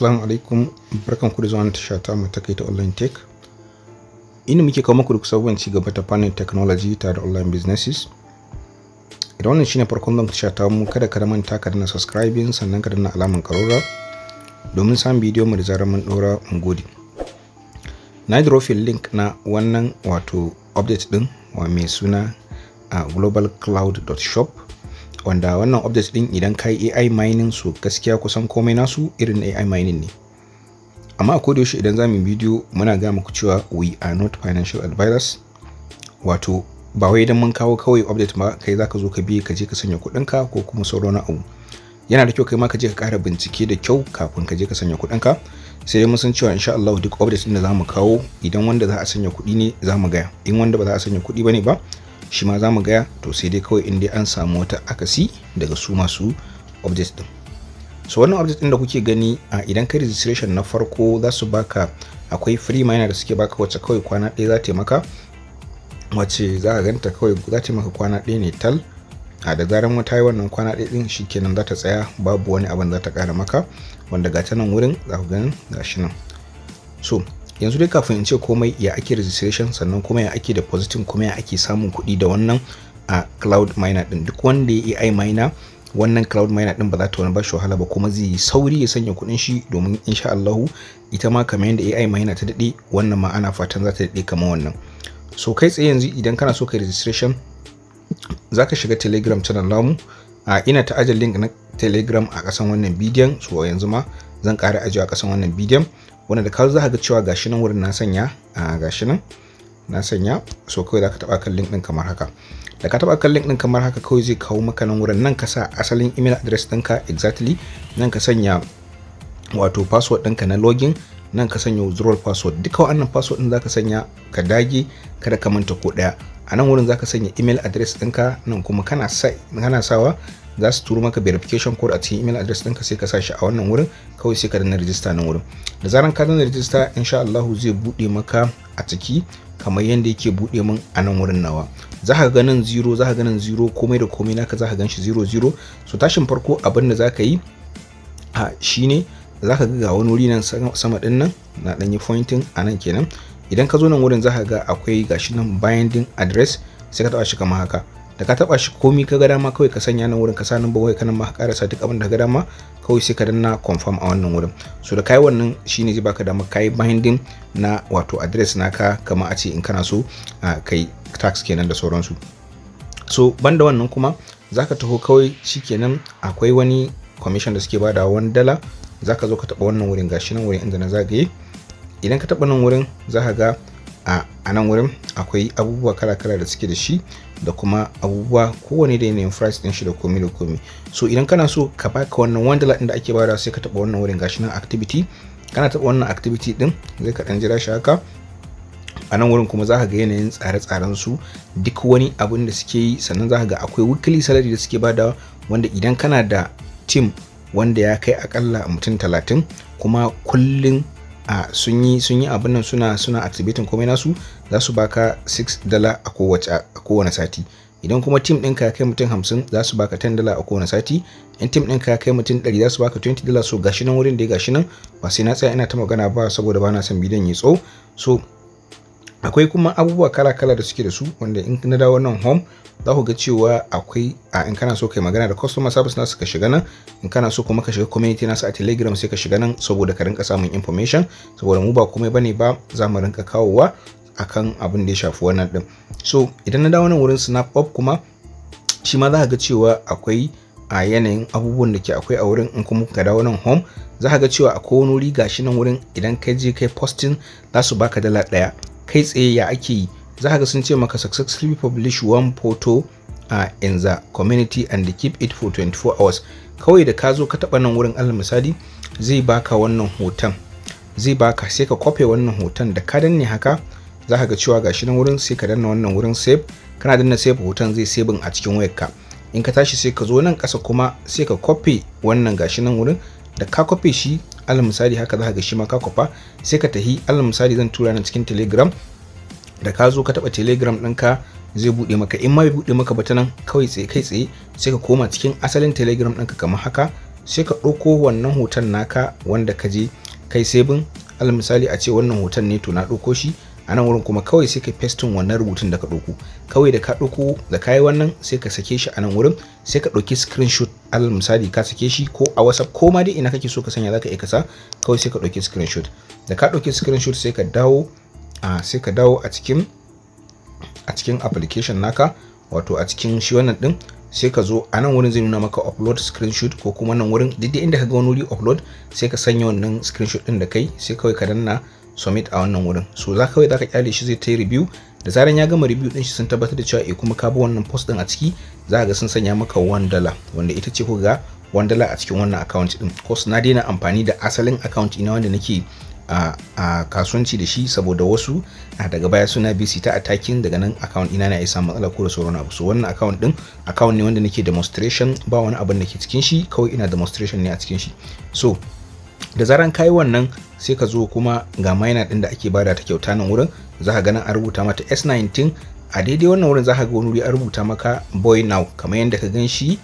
Assalamu alaikum barkan ku da zuwa tasha ta mu ta kai ta online tech. Ina muke kawo muku duk sabon ci gaba ta fannin technology tare da online businesses. Idan wannan shine farkon da tasha ta mu kada ka manta ka danna subscribing sannan ka danna alamar karora domin samun bidiyo mu da zarar mun dora mun gode. Na drop link na wannan wato update din wa mai suna a globalcloud.shop wanda wannan objects din idan ka yi ai mining su gaskiya kusan komai nasu irin ai mining ne amma a kodayaushe idan za mu yi bidiyo muna gaya muku cewa we are not financial advisors wato ba wai idan mun kawo kawai update ba kai zaka zo ka bi ka je ka sanya kuɗinka ko kuma sauran abu yana da kyau kai ma ka je ka ƙara bincike da kyau kafin ka je ka sanya kuɗinka sai dai mun san cewa insha Allah duk update din da zamu kawo idan wanda za a sanya kuɗi ne zamu gaya in wanda ba za a sanya kuɗi bane ba shi ma za mu gaya to sai dai kawai in an samu wata akasi daga su masu objects din so wannan objects din da kuke gani a idan ka registration na farko za su baka akwai free miner da suke baka wacce kawai kwana ɗaya za ta maka wacce za ka ganta kawai za ta maka kwana ɗaya ne tal a da zaran wata yi wannan kwana ɗaya ɗin shi kenan za ta tsaya babu wani abin za ta ƙara maka wanda ga ta nan wurin za ku gani ga shi nan so yanzu dai kafin in ce komai ya ake registration sannan kuma ya ake depositing kuma ya ake samun kuɗi da wannan a cloud miner din duk wanda ya AI miner wannan cloud miner din ba za ta wani ba shi wahala ba kuma zai sauri ya sanya kuɗin shi domin insha Allah ita ma kamar yanda AI miner ta daɗe wannan ma ana fatan za ta daɗe kamar wannan so kai tsaye yanzu idan kana so ka registration za ka shiga telegram channel namu a ina ta ajiye link na telegram a kasan wannan bidiyon so yanzu ma zan ƙara ajiye a kasan wannan bidiyon wanda da ka za ka ga cewa gashi nan wurin na sanya a gashi nan na sanya so kawai za ka taba kan link din kamar haka da ka taba kan link din kamar haka kawai zai kawo maka nan wurin nan ka sa asalin email address ɗinka exactly nan ka sanya wato password ɗinka na login nan ka sanya withdrawal password duka wannan password din zaka sanya ka dage kada ka manta ko daya a nan wurin zaka sanya email address ɗinka nan kuma kana sa kana sawa za su turo maka verification code a cikin email address ɗinka sai ka sa shi a wannan wurin kawai sai ka danna register nan wurin da zaran ka danna register insha Allah zai buɗe maka a ciki kamar yadda yake buɗe min a nan wurin nawa za ka ganin zero za ka ganin zero komai da komai naka za ka gan shi zero zero so tashin farko abin da za ka yi a shine za ka ga wani wuri nan sama ɗin nan na ɗanyi pointing a nan kenan idan ka zo nan wurin za ka ga akwai gashi nan binding address sai ka taɓa shi kamar haka da ka taba shi komi ka ga dama kawai ka sanya nan wurin ka sa nan bawai kanan ma ka karasa duk abin da ka ga dama kawai sai ka danna confirm a wannan wurin so da kai wannan shine zai baka dama kai binding na wato address naka kamar a ce in kana so kai tax kenan da sauransu so banda wannan kuma zaka taho kawai kenan akwai wani commission da suke bada wani dala zaka zo ka taba wannan wurin gashi nan wurin inda na zagaye idan ka taba nan wurin za ka ga a nan wurin akwai abubuwa kala-kala da suke da shi da kuma abubuwa kowane da yanayin price din shi da komi da komi so idan kana so ka baka wannan wanda din da ake bayarwa sai ka taba wannan wurin gashi nan activity kana taba wannan activity din zai ka dan jira shi haka a nan wurin kuma za ka ga yanayin tsare-tsaren su duk wani abin da suke yi sannan za ka ga akwai weekly salary da suke bada wanda idan kana da team wanda ya kai akalla mutum talatin kuma kullum a sun yi sun yi abin nan suna suna activating komai nasu za su baka 6 dala a kowace a kowane sati idan kuma tim ɗinka ya kai mutum 50 za su baka 10 dala a kowane sati in tim ɗinka ya kai mutum 100 za su baka 20 dala so gashi nan wurin da ya gashi nan ba sai na tsaya ina ta magana ba saboda ba na son bidiyon ya tso so akwai kuma abubuwa kala-kala da suke da su wanda in na dawo nan home za ku ga cewa akwai a in kana so kai magana da customer service nasu ka shiga nan in kana so kuma ka shiga community nasu a telegram sai ka shiga nan saboda ka rinka samun information saboda mu ba komai bane ba za mu rinka kawowa akan abin da ya shafi wannan din so idan na dawo nan wurin snap up kuma shi ma za ka ga cewa akwai a yanayin abubuwan da ke akwai a wurin in kuma ka dawo nan home za ka ga cewa akwai wani wuri gashi nan wurin idan ka je kai posting za su baka dala ɗaya kai tsaye ya ake yi za ga sun ce maka successfully publish one photo uh, in the community and keep it for 24 hours kawai da ka zo ka taɓa nan wurin allah misali zai baka wannan hoton zai baka sai ka kwafe wannan hoton da ka danne haka za ka ga cewa shi nan wurin sai ka danna wannan wurin save kana danna save hoton zai save a cikin wayarka in ka tashi sai ka zo nan kasa kuma sai ka kwafe wannan gashi nan wurin da ka kwafe shi alal misali haka za ka ga shi ma ka kwafa sai ka tahi alal misali zan tura nan cikin telegram da ka zo ka taba telegram ɗinka zai buɗe maka in ma bai buɗe maka ba ta nan kawai tsaye kai tsaye sai ka koma cikin asalin telegram ɗinka kamar haka sai ka ɗauko wannan hoton naka wanda ka je kai sebin alal misali a ce wannan hoton ne to na ɗauko shi a nan wurin kuma kawai sai ka festin wannan rubutun da ka ɗauko kawai da ka ɗauko da ka yi wannan sai ka sake shi a nan wurin sai ka ɗauki screenshot Alan misali ka sake shi ko a whatsapp ko ma dai ina kake so ka sanya zaka iya kasa kawai sai ka ɗauki screenshot da ka ɗauki screenshot sai ka dawo a sai ka dawo a cikin a cikin application naka wato a cikin shi wannan din sai ka zo a nan wurin zai nuna maka upload screenshot ko kuma nan wurin duk inda ka ga wani wuri upload sai ka sanya wannan screenshot din da kai sai kawai ka danna submit a wannan wurin so za kawai za ka kyale shi zai ta review da zaran ya gama review din shi sun tabbatar da cewa eh kuma ka bi wannan post din a ciki za ga sun sanya maka 1 dollar wanda ita ce ku ga 1 dollar a cikin wannan account din ko na daina amfani da asalin account ina wanda nake a a kasuwanci da shi saboda wasu a daga baya suna bisi ta attacking daga nan account ina na isa matsala ko da sauran abu so wannan account din account ne wanda nake demonstration ba wani abin da ke cikin shi kawai ina demonstration ne a cikin shi so da zaran kayi wannan sai ka zo kuma ga minor din da ake bada ta kyauta nan wurin za ka ganin an rubuta mata S19 a daidai wannan wurin za ka ga wani wuri an rubuta maka boy now kamar yadda ka gan shi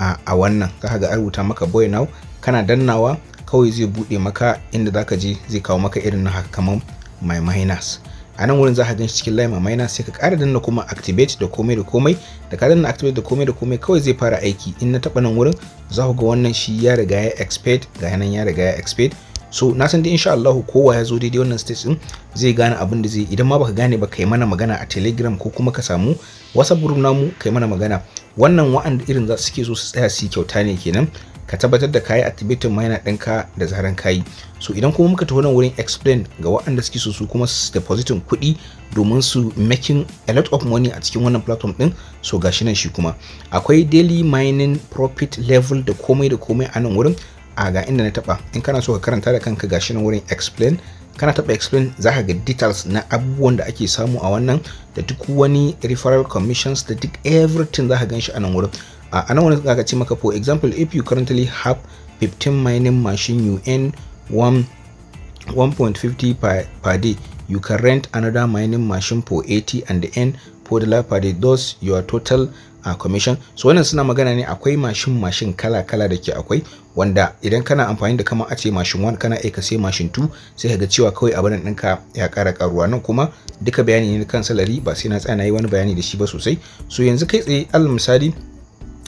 a wannan za ka ga an rubuta maka boy now kana dannawa kawai zai bude maka inda za ka je zai kawo maka irin na haka kamar my minus a nan wurin za ka ganshi cikin lime maina, sai ka ƙara danna kuma activate da komai da komai da ka danna activate da komai da komai kawai zai fara aiki in na taɓa nan wurin za ku ga wannan shi ya riga ya expect ga nan ya riga ya expect so na san dai insha Allah kowa ya zo daidai wannan stage din zai gane abin da zai idan ma baka gane ba kai mana magana a telegram ko kuma ka samu whatsapp group namu kai mana magana wannan wa'anda irin za su ke so su tsaya su kyauta ne kenan ka tabbatar da kayi activating miner ɗinka da zaran kayi so idan kuma muka tafi wurin explain ga waɗanda suke so su kuma su depositin kuɗi domin su making a lot of money a cikin wannan platform ɗin so gashi nan shi kuma akwai daily mining profit level da komai da komai a nan wurin a ga inda na taɓa in kana so ka karanta da kanka gashi nan wurin explain kana taɓa explain za ka ga details na abubuwan da ake samu a wannan da duk wani referral commissions da duk everything za ka gan shi a nan wurin a nan wani kaka ce maka for example if you currently have 15 mining machine you earn 1.50 per, per day you can rent another mining machine for 80 and earn 4 dollar per day thus your total uh, commission so wannan suna magana ne akwai machine machine kala kala da ke akwai wanda idan kana amfani da kama a ce mashin 1 kana aika sai mashin 2 sai ka ga cewa kawai abin ɗinka ya ƙara ƙaruwa nan kuma duka bayani ne kan salari ba sai na tsaya na yi wani bayani da shi ba sosai so yanzu kai tsaye alal misali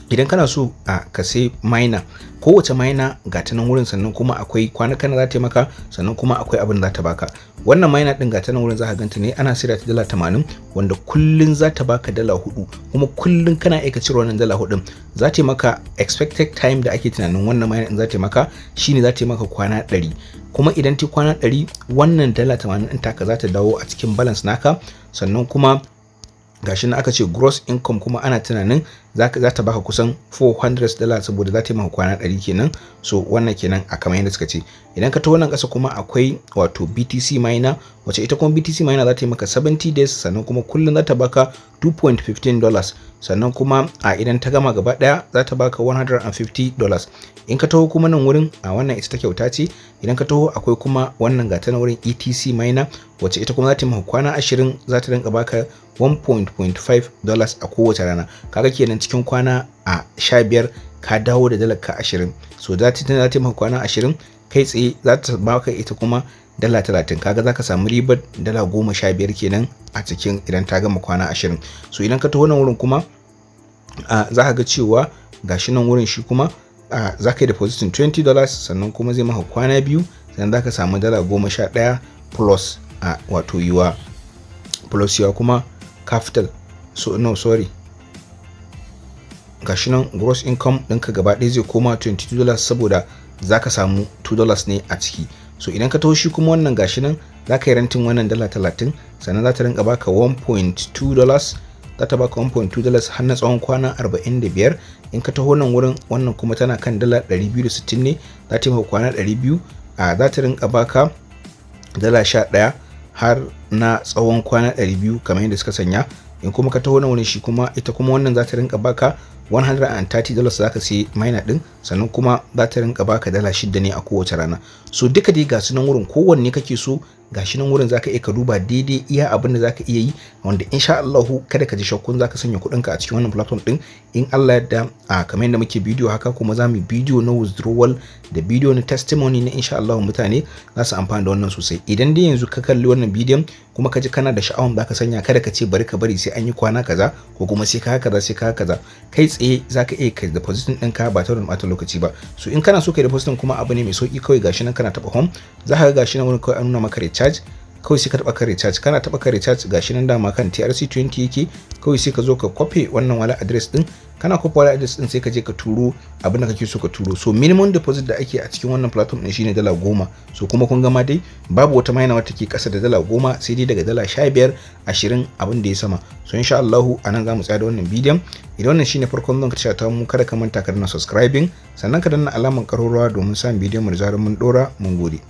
idan kana so a ka sai minor kowace minor ga ta nan wurin sannan kuma akwai kwanakan za ta maka sannan kuma akwai abin za ta baka wannan minor din ga ta nan wurin za ka ganta ne ana sayar ta dala 80 wanda kullun za ta baka dala 4 kuma kullun kana aika cire wannan dala 4 za ta maka expected time da ake tunanin wannan minor din za ta maka shine za ta maka kwana 100 kuma idan ta kwana 100 wannan dala 80 din taka za ta dawo a cikin balance naka sannan kuma gashi na aka ce gross income kuma ana tunanin za ta baka kusan 400 dala saboda za ta yi maka kwana 100 kenan so wannan kenan a kamar yadda suka ce idan ka taho nan kasa kuma akwai wato BTC miner wacce ita kuma BTC miner za ta yi maka 70 days sannan kuma kullum za ta baka 2.15 dollars sannan kuma a idan ta gama gaba daya za ta baka 150 dollars in ka taho kuma nan wurin a wannan ita ta kyauta ce idan ka taho akwai kuma wannan gata na wurin ETC miner wacce ita kuma za ta yi maka kwana 20 za ta rinka baka 1.5 dollars a kowace rana kaga kenan cikin kwana a 15 ka dawo da dalar ka 20 so za ta tana ta maka kwana 20 kai tsaye za ta baka ita kuma dala 30 kaga za ka samu ribar dala 15 kenan a cikin idan ta gama kwana 20 so idan ka taho nan wurin kuma a za ka ga cewa gashi nan wurin shi kuma a za ka yi depositin 20 dollars sannan kuma zai maka kwana biyu sannan za ka samu dala 11 plus a wato yiwa plus yiwa kuma capital so no sorry gashi nan gross income ɗinka gaba ɗaya zai koma 22 dollars saboda za ka samu 2 dollars ne a ciki so idan ka taushi kuma wannan gashi nan za ka yi rentin wannan dala 30 sannan za ta rinka baka 1.2 dollars za ta baka 1.2 dollars har na tsawon kwana 45 in ka taho nan wurin wannan kuma tana kan dala 260 ne za ta yi maka kwana 200 a ah, za ta rinka baka dala 11 har na tsawon kwana 200 kamar yadda suka sanya in kuma ka taho na wani shi kuma ita kuma wannan za ta rinka baka $130 za ka sai maina din sannan kuma za ta rinka baka dala shida ne a kowace rana so duka dai ga sunan wurin kowanne kake so ga shi nan wurin zaka iya ka duba daidai iya abin da zaka iya yi wanda insha Allah kada ka ji shakkun zaka sanya kuɗin ka a cikin wannan platform din in Allah ya yadda a kamar yadda muke bidiyo haka kuma za mu bidiyo na withdrawal da bidiyo na testimony na insha Allah mutane za su amfana da wannan sosai idan dai yanzu ka kalli wannan bidiyon kuma ka ji kana da sha'awan zaka sanya kada ka ce bari ka bari sai an yi kwana kaza ko kuma sai ka kaza sai ka kaza kai tsaye za iya kai deposit ɗinka ba tare da ɓata lokaci ba su in kana so kai deposit kuma abu ne mai sauki kawai gashi nan kana taɓa home za ka ga gashi nan wani kawai an nuna maka recharge kawai sai ka taɓa kare charge kana taba kare charge gashi nan dama kan TRC20 yake kawai sai ka zo ka copy wannan wallet address din kana copy wallet address din sai ka je ka turo abin da kake so ka turo so minimum deposit da ake a cikin wannan platform din shine dala goma so kuma kun gama dai babu wata na wata ke kasa da dala goma sai dai daga dala sha biyar ashirin abin da ya sama so insha Allahu a nan za mu tsaya da wannan bidiyon idan wannan shine farkon zan ka ta mu kada ka manta ka danna subscribing sannan ka danna alamar karuwa domin samun bidiyon mu da zarar mun dora mun gode